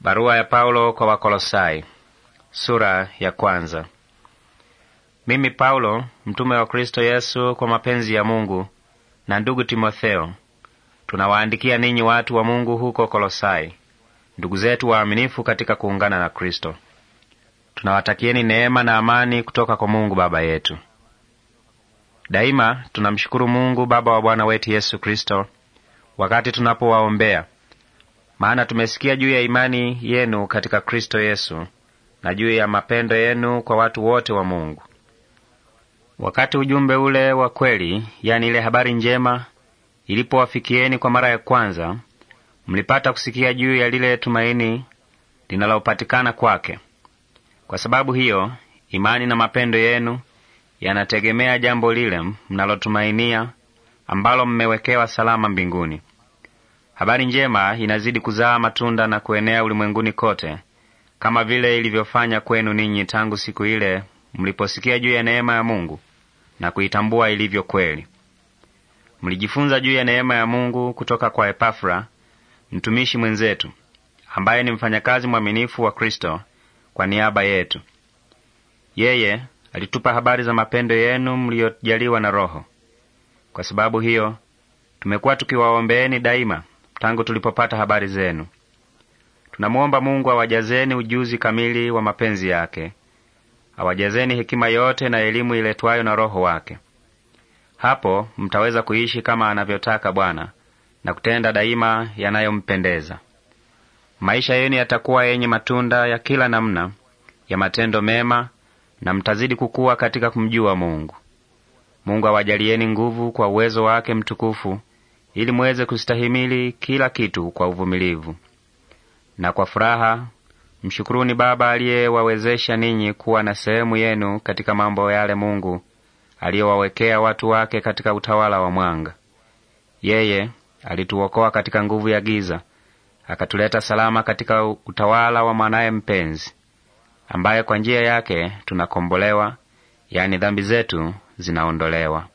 Barua ya Paulo kwa Wakolosai, sura ya kwanza. Mimi Paulo mtume wa Kristo Yesu kwa mapenzi ya Mungu na ndugu Timotheo, tunawaandikia ninyi watu wa Mungu huko Kolosai, ndugu zetu waaminifu katika kuungana na Kristo. Tunawatakieni neema na amani kutoka kwa Mungu Baba yetu. Daima tunamshukuru Mungu Baba wa Bwana wetu Yesu Kristo wakati tunapowaombea maana tumesikia juu ya imani yenu katika Kristo Yesu na juu ya mapendo yenu kwa watu wote wa Mungu. Wakati ujumbe ule wa kweli, yani ile habari njema, ilipowafikieni kwa mara ya kwanza, mlipata kusikia juu ya lile tumaini linalopatikana kwake. Kwa sababu hiyo, imani na mapendo yenu yanategemea jambo lile mnalotumainia, ambalo mmewekewa salama mbinguni. Habari njema inazidi kuzaa matunda na kuenea ulimwenguni kote, kama vile ilivyofanya kwenu ninyi tangu siku ile mliposikia juu ya neema ya Mungu na kuitambua ilivyo kweli. Mlijifunza juu ya neema ya Mungu kutoka kwa Epafra, mtumishi mwenzetu, ambaye ni mfanyakazi mwaminifu wa Kristo kwa niaba yetu. Yeye alitupa habari za mapendo yenu mliyojaliwa na Roho. Kwa sababu hiyo tumekuwa tukiwaombeeni daima tangu tulipopata habari zenu. Tunamwomba Mungu awajazeni ujuzi kamili wa mapenzi yake, awajazeni hekima yote na elimu iletwayo na Roho wake. Hapo mtaweza kuishi kama anavyotaka Bwana na kutenda daima yanayompendeza. Maisha yenu yatakuwa yenye matunda ya kila namna ya matendo mema, na mtazidi kukua katika kumjua Mungu. Mungu awajalieni nguvu kwa uwezo wake mtukufu ili muweze kustahimili kila kitu kwa uvumilivu na kwa furaha. Mshukuruni Baba aliyewawezesha ninyi kuwa na sehemu yenu katika mambo yale Mungu aliyowawekea watu wake katika utawala wa mwanga. Yeye alituokoa katika nguvu ya giza, akatuleta salama katika utawala wa mwanaye mpenzi, ambaye kwa njia yake tunakombolewa, yani dhambi zetu zinaondolewa.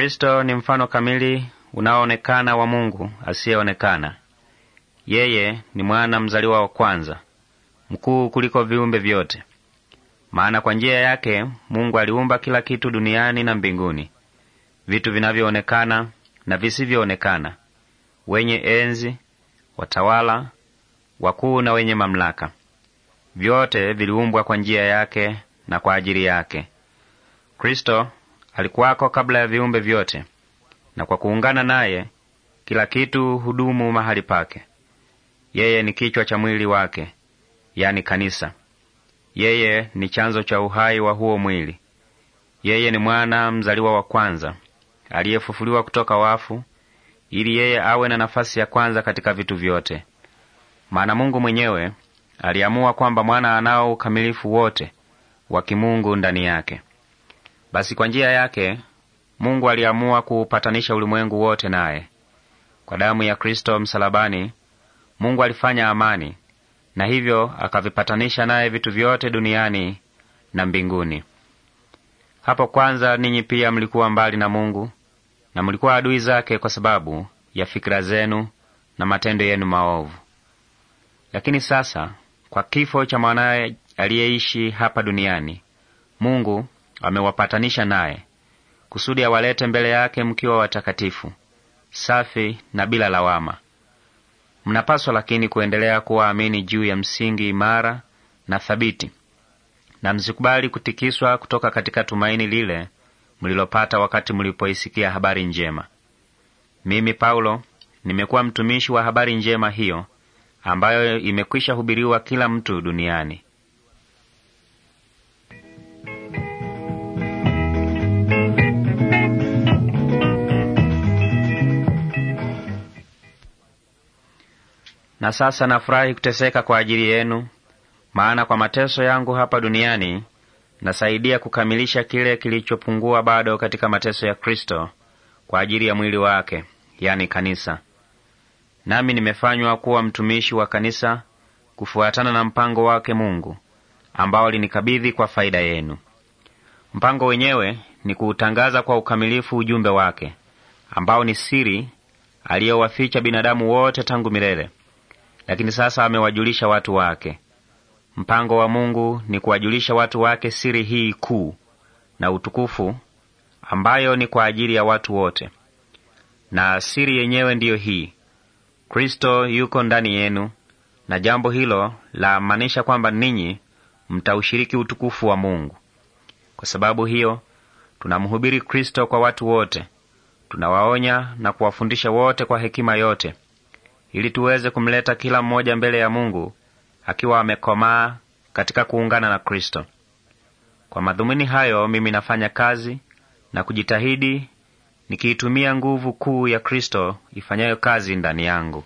Kristo ni mfano kamili unaoonekana wa Mungu asiyeonekana. Yeye ni mwana mzaliwa wa kwanza, mkuu kuliko viumbe vyote, maana kwa njia yake Mungu aliumba kila kitu duniani na mbinguni, vitu vinavyoonekana na visivyoonekana, wenye enzi, watawala, wakuu na wenye mamlaka. Vyote viliumbwa kwa njia yake na kwa ajili yake. Kristo Alikuwako kabla ya viumbe vyote, na kwa kuungana naye kila kitu hudumu mahali pake. Yeye ni kichwa cha mwili wake, yani kanisa. Yeye ni chanzo cha uhai wa huo mwili. Yeye ni mwana mzaliwa wa kwanza aliyefufuliwa kutoka wafu, ili yeye awe na nafasi ya kwanza katika vitu vyote. Maana Mungu mwenyewe aliamua kwamba mwana anao ukamilifu wote wa kimungu ndani yake. Basi kwa njia yake Mungu aliamua kuupatanisha ulimwengu wote naye. Kwa damu ya Kristo msalabani, Mungu alifanya amani, na hivyo akavipatanisha naye vitu vyote duniani na mbinguni. Hapo kwanza ninyi pia mlikuwa mbali na Mungu na mlikuwa adui zake kwa sababu ya fikira zenu na matendo yenu maovu. Lakini sasa kwa kifo cha mwanaye aliyeishi hapa duniani, Mungu amewapatanisha naye, kusudi awalete mbele yake mkiwa watakatifu, safi na bila lawama. Mnapaswa lakini kuendelea kuwaamini juu ya msingi imara na thabiti, na msikubali kutikiswa kutoka katika tumaini lile mlilopata wakati mlipoisikia habari njema. Mimi Paulo nimekuwa mtumishi wa habari njema hiyo ambayo imekwisha hubiriwa kila mtu duniani. Na sasa nafurahi kuteseka kwa ajili yenu, maana kwa mateso yangu hapa duniani nasaidia kukamilisha kile kilichopungua bado katika mateso ya Kristo kwa ajili ya mwili wake, yani kanisa. Nami nimefanywa kuwa mtumishi wa kanisa kufuatana na mpango wake Mungu ambao linikabidhi kwa faida yenu. Mpango wenyewe ni kuutangaza kwa ukamilifu ujumbe wake ambao ni siri aliyowaficha binadamu wote tangu milele, lakini sasa amewajulisha watu wake. Mpango wa Mungu ni kuwajulisha watu wake siri hii kuu na utukufu ambayo ni kwa ajili ya watu wote. Na siri yenyewe ndiyo hii: Kristo yuko ndani yenu, na jambo hilo lamaanisha kwamba ninyi mtaushiriki utukufu wa Mungu. Kwa sababu hiyo, tunamhubiri Kristo kwa watu wote, tunawaonya na kuwafundisha wote kwa hekima yote, ili tuweze kumleta kila mmoja mbele ya Mungu akiwa amekomaa katika kuungana na Kristo. Kwa madhumuni hayo, mimi nafanya kazi na kujitahidi nikiitumia nguvu kuu ya Kristo ifanyayo kazi ndani yangu.